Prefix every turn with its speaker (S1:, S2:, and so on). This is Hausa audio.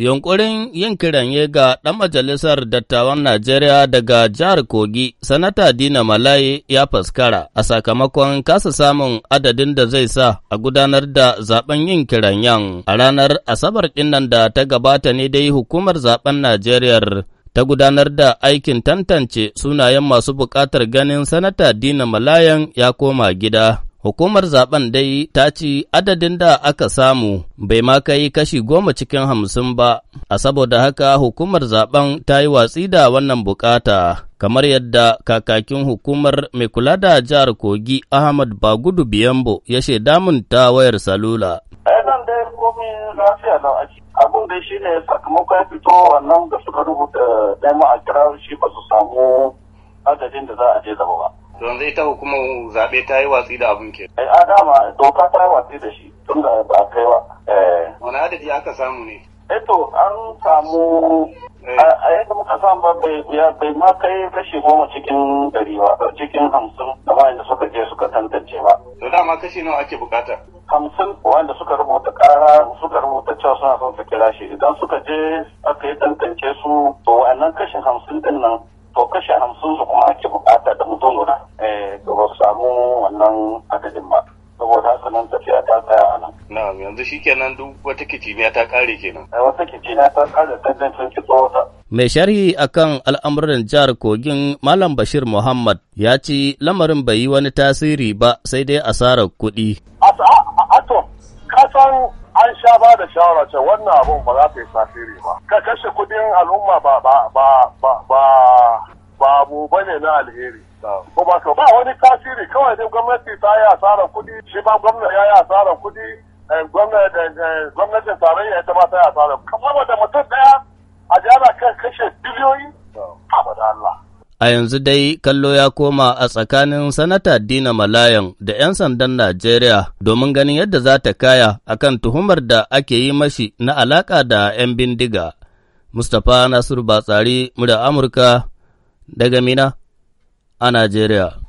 S1: yunkurin yin kiranye ga ɗan majalisar dattawan Najeriya daga jihar Kogi, Sanata Dina Malaye ya faskara a sakamakon kasa samun adadin da zai sa a gudanar da zaben yin kiranyen a ranar Asabar ɗinnan da ta gabata ne dai hukumar zaben Najeriya ta gudanar da aikin tantance sunayen masu buƙatar ganin Sanata Dina Malayan ya koma gida. Hukumar zaben dai ta ce adadin da aka samu bai ma kai kashi goma cikin hamsin ba, a saboda haka hukumar zaben ta yi watsi da wannan bukata, kamar yadda kakakin hukumar mai kula da jihar Kogi Ahmad Bagudu Biyambo ya she damun ta wayar salula.
S2: Ɗan dai komi lafiya da abin da shi ne sakamakon ya fito wannan da suka rubuta a kira shi ba su samu
S1: adadin da za a je zaba ba. zai ita hukuma zaɓe ta yi watsi da abin ke. a dama doka ta yi watsi da shi tun da ba kai ba. Eh. wani adadi aka samu ne.
S2: eto eh, an samu eh. a yadda muka samu ba bai ma kai kashi goma cikin ɗari ba cikin hamsin da wanda suka je suka tantance ba. to dama kashi nawa ake bukata. hamsin wanda suka rubuta ƙara suka rubuta cewa suna son su kira shi idan suka je aka yi tantance su to wannan kashin hamsin din nan to kashi hamsin su kuma ake na'am yanzu shikenan duk wata kiciniya ta kare kenan wata kiciniya ta kare
S1: ki kitso Mai sharhi akan al'amuran jihar Kogin Malam Bashir Muhammad ya ce lamarin bai yi wani tasiri ba sai dai asarar kuɗi.
S2: Ato, kasan an sha ba da shawara ce wannan abun ba za ta yi tasiri ba. Ka kashe kuɗin al'umma ba ba ba ba ba ba abu ba ne na alheri. Ko ba ba wani tasiri kawai dai gwamnati ta yi asarar kuɗi, shi ba gwamnati ya yi asarar kuɗi, Eh, gwamnatin tarayya ba ma yi a tsara kamar da mutum daya a jana kan kashe biliyoyi da Allah.
S1: A yanzu dai kallo ya koma a tsakanin Sanata Dina Malayan da 'yan sandan Najeriya domin ganin yadda za ta kaya kan tuhumar da ake yi mashi na alaƙa da 'yan bindiga. Mustapha Nasiru Batsari, murya Amurka, daga Mina a Najeriya.